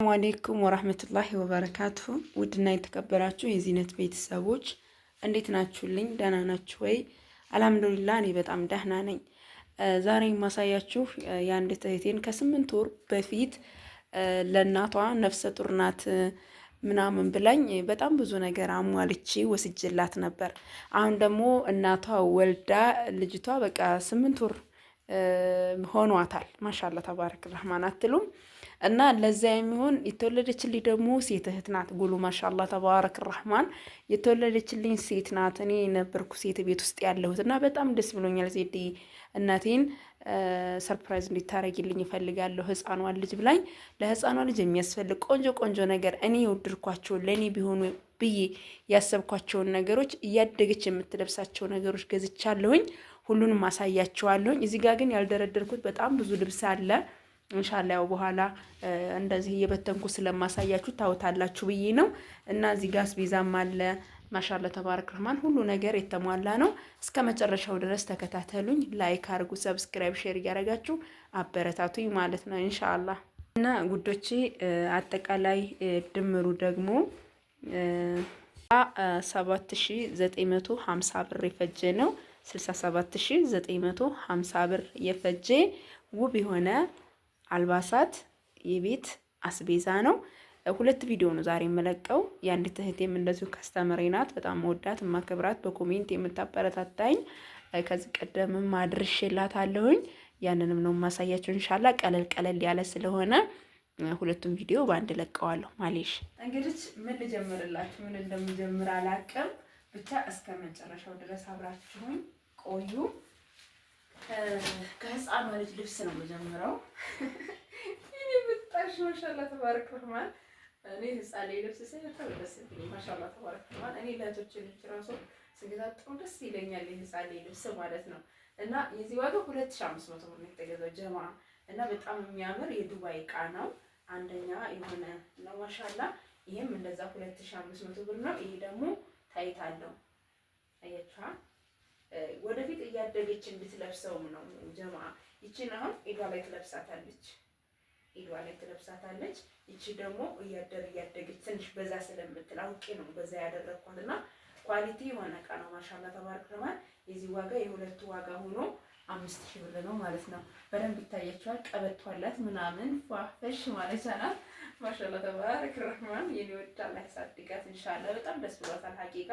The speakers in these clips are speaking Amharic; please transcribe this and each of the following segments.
ሰላም አሌይኩም ወራህመቱላሂ ወበረካቱ። ውድና የተከበራችሁ የዚህነት ቤተሰቦች እንዴት ናችሁልኝ? ደህና ናችሁ ወይ? አልሐምዱሊላ እኔ በጣም ደህና ነኝ። ዛሬ የማሳያችሁ የአንድ እህቴን ከስምንት ወር በፊት ለእናቷ ነፍሰ ጡር ናት ምናምን ብላኝ በጣም ብዙ ነገር አሟልቼ ወስጅላት ነበር። አሁን ደግሞ እናቷ ወልዳ ልጅቷ በቃ ስምንት ወር ሆኗታል። ማሻላ ተባረክ ረህማን አትሉም? እና ለዛ የሚሆን የተወለደችልኝ ደግሞ ሴት እህት ናት። ጉሉ ማሻላ ተባረክ ራህማን የተወለደችልኝ ሴት ናት። እኔ የነበርኩ ሴት ቤት ውስጥ ያለሁት እና በጣም ደስ ብሎኛል። ዜዴ እናቴን ሰርፕራይዝ እንዲታረጊልኝ ይፈልጋለሁ። ህፃኗ ልጅ ብላኝ ለህፃኗ ልጅ የሚያስፈልግ ቆንጆ ቆንጆ ነገር እኔ የወደድኳቸውን ለእኔ ቢሆኑ ብዬ ያሰብኳቸውን ነገሮች እያደገች የምትለብሳቸው ነገሮች ገዝቻለሁኝ። ሁሉንም አሳያቸዋለሁኝ። እዚህ ጋር ግን ያልደረደርኩት በጣም ብዙ ልብስ አለ። እንሻላ ያው በኋላ እንደዚህ እየበተንኩ ስለማሳያችሁ ታውታላችሁ ብዬ ነው። እና እዚህ ጋር አስቤዛም አለ። ማሻላ ተባረክ ረህማን ሁሉ ነገር የተሟላ ነው። እስከ መጨረሻው ድረስ ተከታተሉኝ። ላይክ አርጉ ሰብስክራይብ፣ ሼር እያደረጋችሁ አበረታቱኝ ማለት ነው እንሻላ እና ጉዶቼ አጠቃላይ ድምሩ ደግሞ ሰባት ሺ ዘጠኝ መቶ ሀምሳ ብር የፈጀ ነው። ስልሳ ሰባት ሺ ዘጠኝ መቶ ሀምሳ ብር የፈጀ ውብ የሆነ አልባሳት የቤት አስቤዛ ነው። ሁለት ቪዲዮ ነው ዛሬ የምለቀው። የአንዲት እህቴም እንደዚሁ ካስተምሬ ናት። በጣም መወዳት ማከብራት፣ በኮሜንት የምታበረታታኝ ከዚህ ቀደምም አድርሼላት አለሁኝ። ያንንም ነው የማሳያቸው እንሻላ። ቀለል ቀለል ያለ ስለሆነ ሁለቱም ቪዲዮ በአንድ ለቀዋለሁ። ማሌሽ እንግዲህ ምን ልጀምርላችሁ ምን እንደምጀምር አላቅም። ብቻ እስከ መጨረሻው ድረስ አብራችሁን ቆዩ። ከህፃኗ ልጅ ልብስ ነው መጀመሪያው። እኔ በጣም ማሻላ ተባረክ ርህማን። እኔ ህፃን ላይ ልብስ ሳይ በጣም ደስ ይለኛል። ማሻላ ተባረክ ረህማን። እኔ ለእህቶቼ ልጅ ራሱ ስገዛ ጥሩ ደስ ይለኛል። የህፃን ላይ ልብስ ማለት ነው። እና የዚህ ዋጋ ሁለት ሺ አምስት መቶ ብር ነው የተገዛው ጀማ እና በጣም የሚያምር የዱባይ እቃ ነው። አንደኛ የሆነ ነው ማሻላ። ይህም እንደዛ ሁለት ሺ አምስት መቶ ብር ነው። ይሄ ደግሞ ታይታለው አለው አያችኋል። ወደፊት እያደገች እንድትለብሰውም ነው ጀማ። ይቺን አሁን ኢዷ ላይ ትለብሳታለች፣ ኢዷ ላይ ትለብሳታለች። ይቺ ደግሞ እያደር እያደገች ትንሽ በዛ ስለምትል አውቄ ነው በዛ ያደረግኳት እና ኳሊቲ የሆነ እቃ ነው። ማሻላ ተባረክ ረማን። የዚህ ዋጋ የሁለቱ ዋጋ ሆኖ አምስት ሺህ ብር ነው ማለት ነው። በደንብ ይታያቸዋል። ቀበቷላት ምናምን ፏፈሽ ማለት ናት። ማሻላ ተባረክ ረህማን የኔ ወድ አላህ ያሳድጋት። እንሻላ በጣም ደስ ብሏታል። ሀቂቃ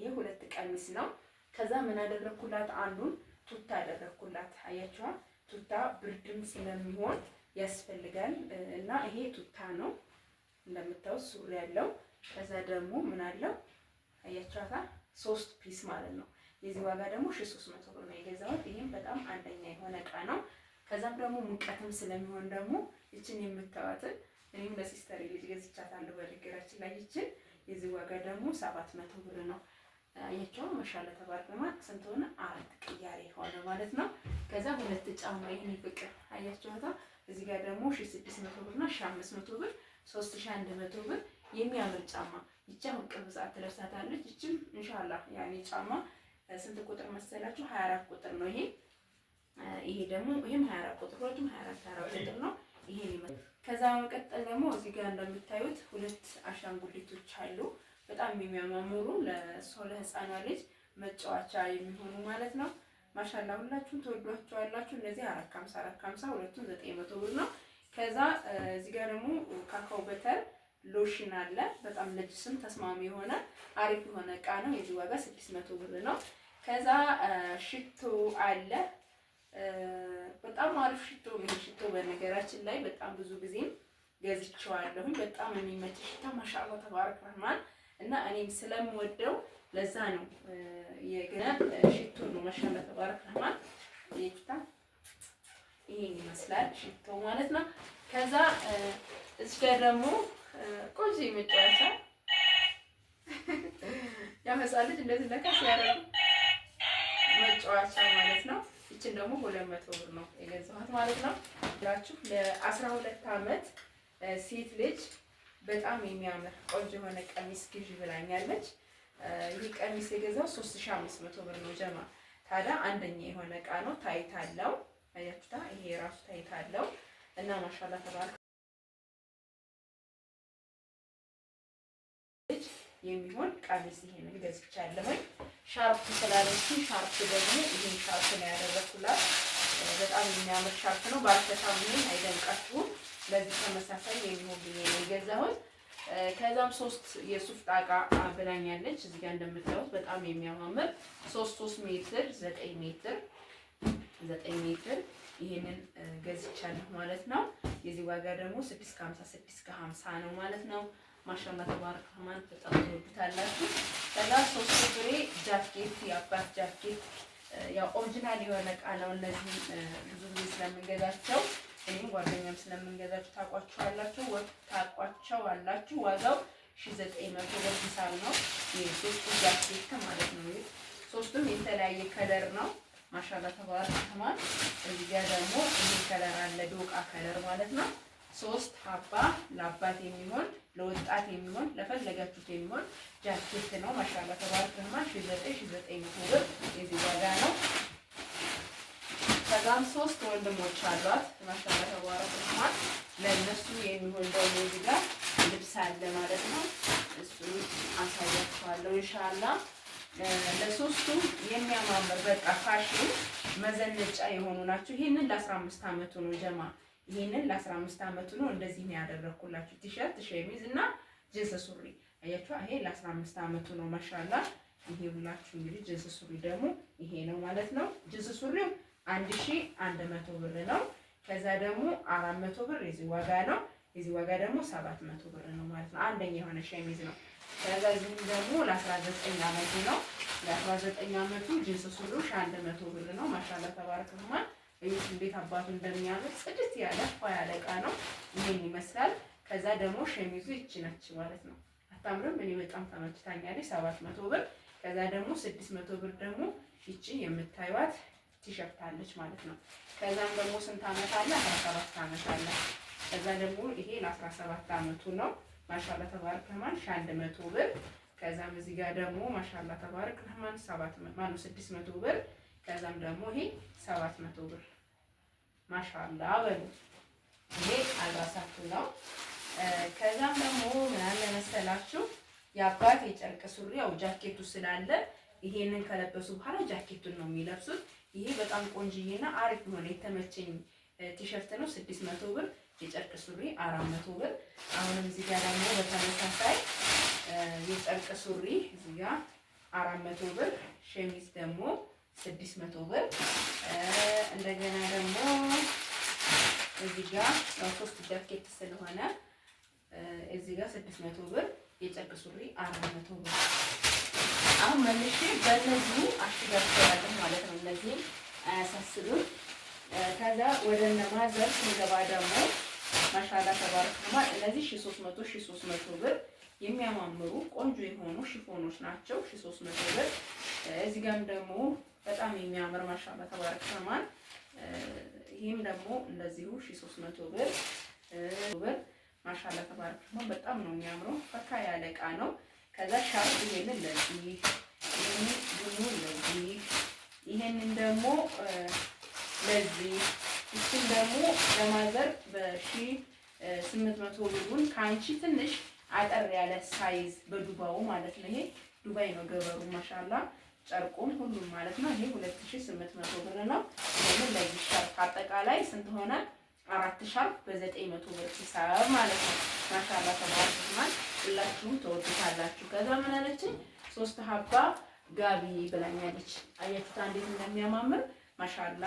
ይሄ ሁለት ቀሚስ ነው ከዛ ምን አደረግኩላት? አንዱን ቱታ አደረግኩላት። አያችኋ፣ ቱታ ብርድም ስለሚሆን ያስፈልጋል እና ይሄ ቱታ ነው እንደምታዩት፣ ሱሪ ያለው ከዛ ደግሞ ምን አለው አያችኋታ፣ ሶስት ፒስ ማለት ነው። የዚህ ዋጋ ደግሞ ሺህ ሶስት መቶ ብር ነው የገዛሁት። ይህም በጣም አንደኛ የሆነ እቃ ነው። ከዛም ደግሞ ሙቀትም ስለሚሆን ደግሞ ይችን የምታዋትን እኔም ለሲስተር ልጅ ገዝቻታለሁ በነገራችን ላይ ይችን የዚህ ዋጋ ደግሞ ሰባት መቶ ብር ነው። አያቸው መሻለ ተባርክማ ስንት ሆነ? አራት ቅያሬ ሆነ ማለት ነው። ከዛ ሁለት ጫማ ይሄን ፍቅር አያቸውታ። እዚህ ጋር ደግሞ 1600 ብር እና 500 ብር 3100 ብር የሚያምር ጫማ ይቻ ቅርብ ሰዓት ትለብሳታለች። እቺም ኢንሻአላ ያኔ ጫማ ስንት ቁጥር መሰላችሁ? 24 ቁጥር ነው ይሄ። ይሄ ደግሞ ይሄም 24 ቁጥር ሁለቱም 24 24 ቁጥር ነው ይሄ። ከዛ መቀጠል ደግሞ እዚህ ጋር እንደምታዩት ሁለት አሻንጉሊቶች አሉ። በጣም የሚያማምሩ ለሰው ለህፃና ልጅ መጫወቻ የሚሆኑ ማለት ነው። ማሻላ ሁላችሁም ተወዷቸዋላችሁ። እነዚህ አራት ከሀምሳ አራት ከሀምሳ ሁለቱም ዘጠኝ መቶ ብር ነው። ከዛ እዚህ ጋር ደግሞ ካካው በተር ሎሽን አለ። በጣም ለጅስም ተስማሚ የሆነ አሪፍ የሆነ እቃ ነው። የዚህ ዋጋ ስድስት መቶ ብር ነው። ከዛ ሽቶ አለ። በጣም አሪፍ ሽቶ ይህ ሽቶ በነገራችን ላይ በጣም ብዙ ጊዜም ገዝቼዋለሁኝ። በጣም የሚመች ሽታ ማሻላ ተባረክ ረህማን እና እኔም ስለምወደው ለዛ ነው የግና ሽቶ ነው ማሻላ ተባረክ ረህማን ይፍታ ይሄን ይመስላል ሽቶ ማለት ነው። ከዛ እዚህ ጋር ደግሞ ቆንጆ መጫወቻ ያመጣል ልጅ እንደዚህ ለካ ሲያደርጉ መጫወቻ ማለት ነው። ይችን ደግሞ ሁለት መቶ ብር ነው የገዛኋት ማለት ነው ላችሁ ለ12 አመት ሴት ልጅ በጣም የሚያምር ቆንጆ የሆነ ቀሚስ ግዢ ብላኛለች። ይህ ቀሚስ የገዛው 3500 ብር ነው። ጀማ ታዲያ አንደኛ የሆነ እቃ ነው። ታይት አለው አያችሁታ። ይሄ የራሱ ታይት አለው እና ማሻላ ተባርክ የሚሆን ቀሚስ ይሄ ይሄንን ገዝቻለሁኝ። ሻርፕ ስላለች ሻርፕ ደግሞ ይሄን ሻርፕ ነው ያደረኩላት። በጣም የሚያምር ሻርፕ ነው። ባልተሳምንም አይደንቃችሁም ለዚህ ተመሳሳይ የሚሆን ብዬ ነው የገዛሁት። ከዛም ሶስት የሱፍ ጣቃ አብላኛለች። እዚህ ጋር እንደምታዩት በጣም የሚያማምር ሶስት ሶስት ሜትር ዘጠኝ ሜትር ዘጠኝ ሜትር ይህንን ገዝቻለሁ ማለት ነው። የዚህ ዋጋ ደግሞ ስድስት ከሀምሳ ስድስት ከሀምሳ ነው ማለት ነው። ማሻላ ተባረክ ማን በጣም ትወዱታላችሁ። ከዛ ሶስት ፍሬ ጃኬት የአባት ጃኬት ያው ኦሪጂናል የሆነ ቃለው እነዚህ ብዙ ጊዜ ስለምንገዛቸው እኔም ጓደኛም ስለምንገዛችሁ ታቋቸዋላችሁ ታቋቸዋላችሁ። ዋጋው ሺ ዘጠኝ መቶ ብር ነው። ሶስቱ ጃኬት ማለት ነው። ሶስቱም የተለያየ ከለር ነው። ማሻላ ተባረክ ተማን። እዚህ ጋር ደግሞ ይሄ ከለር አለ፣ ዶቃ ከለር ማለት ነው። ሶስት ሀባ ለአባት የሚሆን ለወጣት የሚሆን ለፈለጋችሁት የሚሆን ጃኬት ነው። ማሻላ ተባረክ ተማን። ሺ ዘጠኝ ሺ ዘጠኝ መቶ ብር የዚህ ዋጋ ነው። ከዛም ሶስት ወንድሞች አሏት ማሻላ ተባረክ ዑስማን። ለእነሱ የሚሆን ደግሞ እዚህ ጋር ልብስ አለ ማለት ነው። እሱን አሳያችኋለሁ እንሻላ። ለሶስቱ የሚያማምር በቃ ፋሽን መዘነጫ የሆኑ ናቸው። ይህንን ለአስራ አምስት አመቱ ነው ጀማ ይህንን ለአስራ አምስት አመቱ ነው እንደዚህ ነው ያደረግኩላችሁ። ቲሸርት፣ ሸሚዝ እና ጅንስ ሱሪ አያችሁ። ይሄ ለአስራ አምስት አመቱ ነው ማሻላ። ይሄ ሁላችሁ እንግዲህ ጅንስ ሱሪ ደግሞ ይሄ ነው ማለት ነው ጅንስ ሱሪው አንድ ሺ አንድ መቶ ብር ነው። ከዛ ደግሞ አራት መቶ ብር የዚህ ዋጋ ነው። የዚህ ዋጋ ደግሞ ሰባት መቶ ብር ነው ማለት ነው። አንደኛ የሆነ ሸሚዝ ነው። ከዛ እዚህም ደግሞ ለአስራ ዘጠኝ አመቱ ነው። ለአስራ ዘጠኝ አመቱ ጅንስ ሱሪሽ አንድ መቶ ብር ነው። ማሻላ ተባረክማ እዩት እንዴት አባቱ እንደሚያምር ጽድት ያለ ፏ ያለ ዕቃ ነው። ይሄን ይመስላል። ከዛ ደግሞ ሸሚዙ ይቺ ነች ማለት ነው። አታምርም? እኔ በጣም ተመችታኛለች። ሰባት መቶ ብር ከዛ ደግሞ ስድስት መቶ ብር ደግሞ ይቺ የምታዩት ትሸፍታለች ማለት ነው። ከዛም ደግሞ ስንት አመት አለ? 17 አመት አለ። ከዛ ደግሞ ይሄ ለ17 አመቱ ነው። ማሻላ ተባረክ ረህማን ሺህ አንድ መቶ ብር። ከዛም እዚህ ጋር ደግሞ ማሻላ ተባረክ ረህማን 700 ማኑ 600 ብር። ከዛም ደግሞ ይሄ 700 መቶ ብር። ማሻላ በሉ ይሄ አልባሳቱ ነው። ከዛም ደግሞ ምናምን ለመሰላችሁ መሰላችሁ የአባት የጨርቅ ሱሪ ያው ጃኬቱ ስላለ ይሄንን ከለበሱ በኋላ ጃኬቱን ነው የሚለብሱት። ይሄ በጣም ቆንጅዬና አሪፍ የሆነ የተመቸኝ ቲሸርት ነው። ስድስት መቶ ብር የጨርቅ ሱሪ አራት መቶ ብር። አሁንም እዚህ ጋር ደግሞ በተመሳሳይ የጨርቅ ሱሪ እዚህ ጋር አራት መቶ ብር፣ ሸሚዝ ደግሞ ስድስት መቶ ብር። እንደገና ደግሞ እዚህ ጋር ሶስት ጃኬት ስለሆነ እዚህ ጋር ስድስት መቶ ብር የጨርቅ ሱሪ አራት መቶ ብር አሁን መልሼ በእነዚሁ አሽጋቸዋለን ማለት ነው። እነዚህም አያሳስብም። ከዛ ወደ እነ ማዘር ስንገባ ደግሞ ማሻላ ተባረክ ተባረክማል። እነዚህ ሺ ሶስት መቶ ሺ ሶስት መቶ ብር የሚያማምሩ ቆንጆ የሆኑ ሽፎኖች ናቸው። ሺ ሶስት መቶ ብር። እዚህ ጋም ደግሞ በጣም የሚያምር ማሻላ ተባረክ ነማል። ይህም ደግሞ እንደዚሁ ሺ ሶስት መቶ ብር ብር ማሻላ ተባረክ ተባረክማ። በጣም ነው የሚያምረው። ፈካ ያለ እቃ ነው። ከዛ ሻርፕ ይሄን ለዚህ ይሄን ደግሞ ለዚህ ይሄንን ደግሞ ለዚህ እሱን ደግሞ ለማዘር በሺ ስምንት መቶ ብሩን ከአንቺ ትንሽ አጠር ያለ ሳይዝ በዱባው ማለት ነው። ይሄ ዱባይ ነው ገበሩ ማሻላ ጨርቁም ሁሉም ማለት ነው። ይሄ ሁለት ሺ ስምንት መቶ ብር ነው። ይሄንን ለዚህ ሻርፕ አጠቃላይ ስንት ሆነ? አራት ሻርፕ በዘጠኝ መቶ ብር ሂሳብ ማለት ነው። ማሻላ ተባርክ ሁላችሁም ተወዱታላችሁ። ከዛ ምን አለችኝ? ሶስት ሀባ ጋቢ ብላኛለች። አያችሁት እንዴት እንደሚያማምር ማሻላ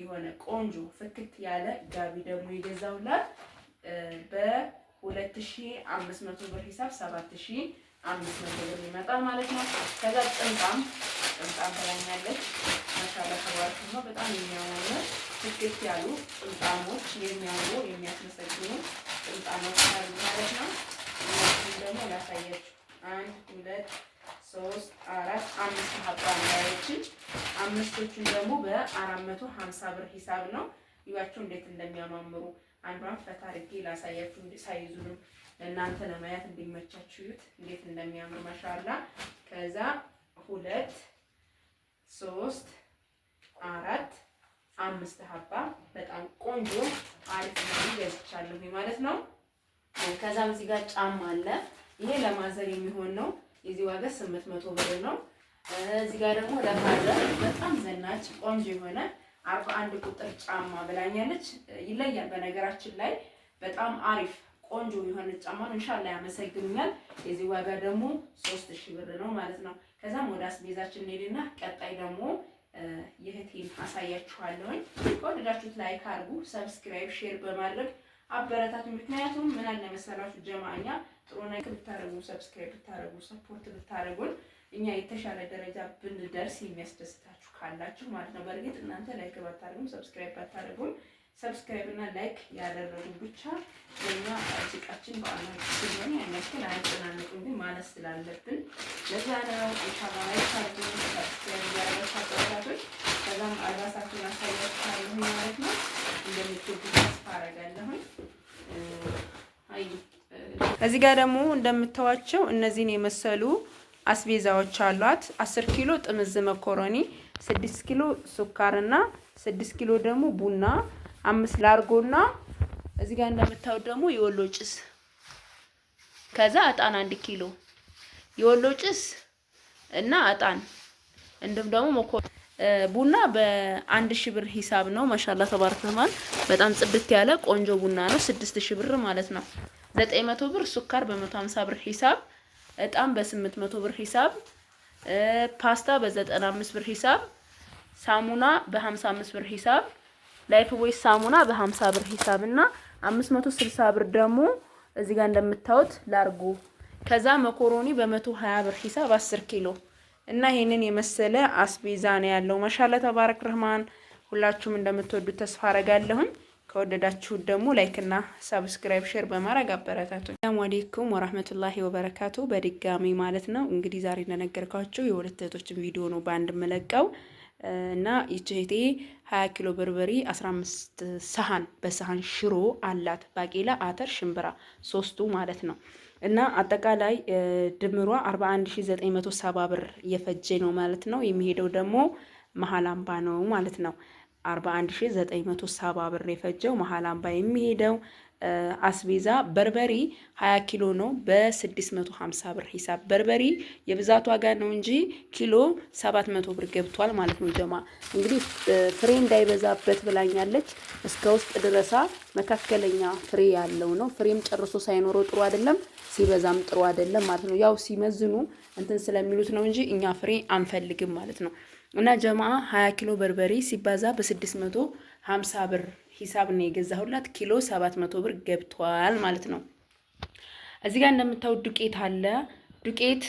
የሆነ ቆንጆ ፍክት ያለ ጋቢ ደግሞ የገዛሁላት በ2500 ብር ሂሳብ 7500 ብር ይመጣ ማለት ነው። ከዛ ጥምጣም ጥምጣም ብላኛለች። ማሻላ ተባረክ ነው። በጣም የሚያማምር ፍክት ያሉ ጥምጣሞች የሚያምሩ የሚያስመሰግኑ ጥምጣሞች ማለት ነው። አሁን ደግሞ ላሳያችሁ። አንድ ሁለት ሶስት አራት አምስት ሀብራንዳዎችን አምስቶቹን ደግሞ በአራት መቶ ሀምሳ ብር ሂሳብ ነው። እዩዋቸው እንዴት እንደሚያማምሩ አንዷን ፈታ አድርጌ ላሳያችሁ። ሳይዙንም እናንተ ለማየት እንዲመቻችሁ እዩት እንዴት እንደሚያምር ማሻላ። ከዛ ሁለት ሶስት አራት አምስት ሀባ በጣም ቆንጆ አሪፍ ገዝቻለሁ ማለት ነው። ከዛም እዚህ ጋር ጫማ አለ። ይሄ ለማዘር የሚሆን ነው። የዚህ ዋጋ 800 መቶ ብር ነው። እዚህ ጋር ደግሞ ለማዘር በጣም ዘናች ቆንጆ የሆነ አርባ አንድ ቁጥር ጫማ ብላኛለች። ይለያል። በነገራችን ላይ በጣም አሪፍ ቆንጆ የሆነ ጫማ ነው። ኢንሻአላህ ያመሰግኑኛል። የዚህ ዋጋ ደግሞ ሶስት ብር ነው ማለት ነው። ከዛም ወደ አስቤዛችን እንሄድና ቀጣይ ደግሞ የእህቴን አሳያችኋለሁኝ። ከወደዳችሁት ላይክ አድርጉ፣ ሰብስክራይብ፣ ሼር በማድረግ አበረታቱ። ምክንያቱም ምን አለ መሰላችሁ ጀማኛ ጥሩ ነገር ብታደርጉ፣ ሰብስክራይብ ብታደርጉ፣ ሰፖርት ብታረጉን እኛ የተሻለ ደረጃ ብንደርስ የሚያስደስታችሁ ካላችሁ ማለት ነው። በእርግጥ እናንተ ላይክ ባታረጉም ሰብስክራይብ ባታረጉም ሰብስክራይብ እና ላይክ ያደረጉ ብቻ ለኛ ሙዚቃችን በአላችሁ ስለሆነ ያን ያክል አያጨናንቁም፣ ግን ማለት ስላለብን ለዛ ነው ኢንሻአላህ እዚህ ጋር ደግሞ እንደምታዋቸው እነዚህን የመሰሉ አስቤዛዎች አሏት። 10 ኪሎ ጥምዝ መኮረኒ፣ 6 ኪሎ ሱካርና 6 ኪሎ ደግሞ ቡና፣ አምስት ላርጎና እዚህ ጋር እንደምታው ደግሞ የወሎ ጭስ፣ ከዛ እጣን 1 ኪሎ የወሎ ጭስ እና እጣን እንዲሁም ደግሞ መኮ ቡና በአንድ ሺህ ብር ሂሳብ ነው። ማሻላ ተባረክ። በጣም ጽድት ያለ ቆንጆ ቡና ነው። ስድስት ሺህ ብር ማለት ነው። ዘጠኝ መቶ ብር ሱካር በመቶ ሀምሳ ብር ሂሳብ እጣን በስምንት መቶ ብር ሂሳብ ፓስታ በዘጠና አምስት ብር ሂሳብ ሳሙና በሀምሳ አምስት ብር ሂሳብ ላይፍ ቦይ ሳሙና በሀምሳ ብር ሂሳብ እና አምስት መቶ ስልሳ ብር ደግሞ እዚህ ጋር እንደምታዩት ላርጎ ከዛ መኮሮኒ በመቶ ሀያ ብር ሂሳብ አስር ኪሎ እና ይሄንን የመሰለ አስቤዛ ነው ያለው። ማሻአላ ተባረክ ረህማን። ሁላችሁም እንደምትወዱት ተስፋ አረጋለሁኝ። ከወደዳችሁት ደግሞ ላይክና ሰብስክራይብ ሼር በማድረግ አበረታቱ። ሰላም አሌይኩም ወራህመቱላሂ ወበረካቱ። በድጋሚ ማለት ነው እንግዲህ ዛሬ እንደነገርኳችሁ የሁለት እህቶችን ቪዲዮ ነው በአንድ መለቀው እና ይቺ እህቴ ሀያ ኪሎ በርበሬ አስራ አምስት ሰሀን በሰሀን ሽሮ አላት። ባቄላ፣ አተር፣ ሽምብራ ሶስቱ ማለት ነው እና አጠቃላይ ድምሯ አርባ አንድ ሺ ዘጠኝ መቶ ሰባ ብር እየፈጀ ነው ማለት ነው። የሚሄደው ደግሞ መሀል አምባ ነው ማለት ነው። 41970 ብር የፈጀው መሀል አምባ የሚሄደው አስቤዛ በርበሪ 20 ኪሎ ነው በ650 ብር ሂሳብ። በርበሪ የብዛት ዋጋ ነው እንጂ ኪሎ 700 ብር ገብቷል ማለት ነው። ጀማ እንግዲህ ፍሬ እንዳይበዛበት ብላኛለች። እስከ ውስጥ ድረሳ መካከለኛ ፍሬ ያለው ነው። ፍሬም ጨርሶ ሳይኖረው ጥሩ አይደለም፣ ሲበዛም ጥሩ አይደለም ማለት ነው። ያው ሲመዝኑ እንትን ስለሚሉት ነው እንጂ እኛ ፍሬ አንፈልግም ማለት ነው። እና ጀማ 20 ኪሎ በርበሬ ሲባዛ በ650 ብር ሂሳብ ነው የገዛሁላት። ኪሎ 700 ብር ገብቷል ማለት ነው። እዚህ ጋር እንደምታዩት ዱቄት አለ። ዱቄት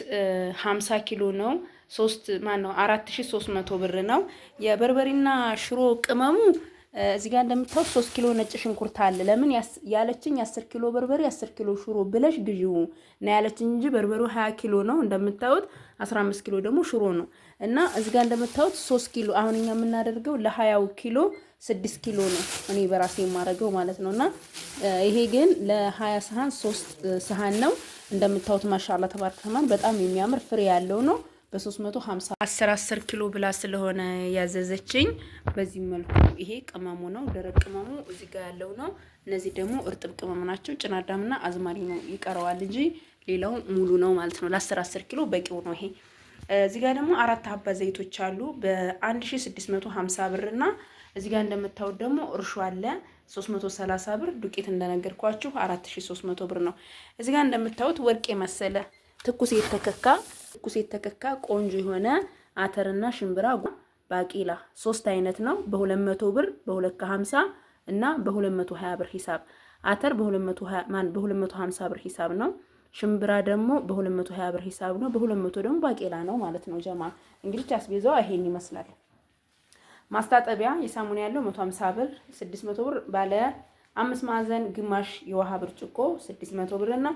50 ኪሎ ነው። ሶስት ማን ነው 4300 ብር ነው። የበርበሬና ሽሮ ቅመሙ እዚህ ጋር እንደምታዩት ሶስት ኪሎ ነጭ ሽንኩርት አለ። ለምን ያለችኝ አስር ኪሎ በርበሬ አስር ኪሎ ሽሮ ብለሽ ግዢው እና ያለችኝ እንጂ በርበሬው ሀያ ኪሎ ነው እንደምታዩት፣ አስራ አምስት ኪሎ ደግሞ ሽሮ ነው እና እዚህ ጋር እንደምታዩት ሶስት ኪሎ አሁን እኛ የምናደርገው ለሀያው ኪሎ ስድስት ኪሎ ነው እኔ በራሴ የማደርገው ማለት ነው። እና ይሄ ግን ለሀያ ሰሀን ሶስት ሰሀን ነው እንደምታዩት። ማሻላ ተባርክ ተማን በጣም የሚያምር ፍሬ ያለው ነው። በ350 10 10 ኪሎ ብላ ስለሆነ ያዘዘችኝ በዚህ መልኩ። ይሄ ቅመሙ ነው፣ ደረቅ ቅመሙ እዚህ ጋር ያለው ነው። እነዚህ ደግሞ እርጥብ ቅመም ናቸው። ጭናዳምና አዝማሪ ነው ይቀረዋል እንጂ ሌላው ሙሉ ነው ማለት ነው። ለ10 10 ኪሎ በቂው ነው ይሄ። እዚህ ጋር ደግሞ አራት ሀባ ዘይቶች አሉ በ1650 ብር እና እዚህ ጋር እንደምታዩት ደግሞ እርሾ አለ 330 ብር። ዱቄት እንደነገርኳችሁ 4300 ብር ነው። እዚህ ጋር እንደምታዩት ወርቅ የመሰለ ትኩስ የተከካ ትኩስ የተከካ ቆንጆ የሆነ አተርና ሽምብራ ባቂላ ሶስት አይነት ነው። በ200 ብር፣ በ250 እና በ220 ብር ሂሳብ አተር በ220 ማን በ250 ብር ሂሳብ ነው። ሽምብራ ደግሞ በ220 ብር ሂሳብ ነው። በ200 ደግሞ ባቄላ ነው ማለት ነው። ጀማ እንግዲህ አስቤዛው ይሄን ይመስላል። ማስታጠቢያ የሳሙን ያለው 150 ብር፣ 600 ብር ባለ አምስት ማዕዘን ግማሽ የውሃ ብርጭቆ 600 ብር እና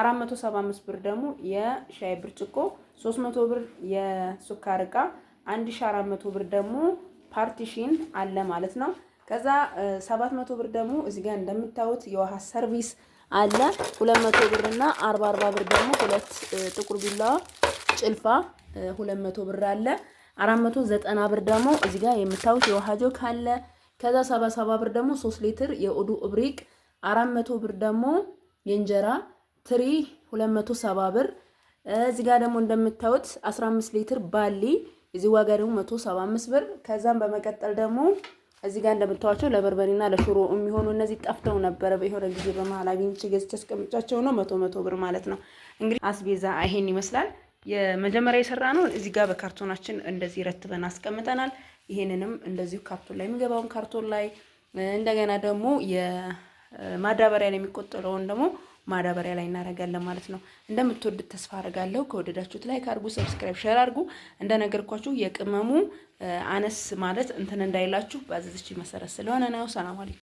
475 ብር ደግሞ የሻይ ብርጭቆ 300 ብር የሱካር እቃ 1400 ብር ደግሞ ፓርቲሽን አለ ማለት ነው። ከዛ 700 ብር ደግሞ እዚህ ጋር እንደምታዩት የውሃ ሰርቪስ አለ 200 ብር እና 40 40 ብር ደግሞ ሁለት ጥቁር ቢላዋ ጭልፋ 200 ብር አለ። 490 ብር ደግሞ እዚህ ጋር የምታዩት የውሃ ጆክ አለ። ከዛ 77 ብር ደግሞ 3 ሊትር የኦዱ እብሪቅ 400 ብር ደግሞ የእንጀራ ትሪ 270 ብር እዚህ ጋር ደግሞ እንደምታዩት 15 ሊትር ባሊ እዚህ ዋጋ ደግሞ 175 ብር። ከዛም በመቀጠል ደግሞ እዚህ ጋር እንደምታዋቸው ለበርበሬና ለሽሮ የሚሆኑ እነዚህ ጠፍተው ነበረ በሆነ ጊዜ በመሀል አግኝቼ ገዝቼ አስቀምጫቸው ነው። መቶ መቶ ብር ማለት ነው። እንግዲህ አስቤዛ ይሄን ይመስላል። የመጀመሪያ የሰራ ነው። እዚህ ጋር በካርቶናችን እንደዚህ ረትበን አስቀምጠናል። ይሄንንም እንደዚሁ ካርቶን ላይ የሚገባውን ካርቶን ላይ እንደገና ደግሞ የማዳበሪያን የሚቆጠረውን ደግሞ ማዳበሪያ ላይ እናደርጋለን ማለት ነው። እንደምትወዱት ተስፋ አድርጋለሁ ከወደዳችሁት ላይክ አድርጉ፣ ሰብስክራይብ፣ ሼር አድርጉ። እንደነገርኳችሁ የቅመሙ አነስ ማለት እንትን እንዳይላችሁ በአዘዝች መሰረት ስለሆነ ነው። ሰላም አለይኩም።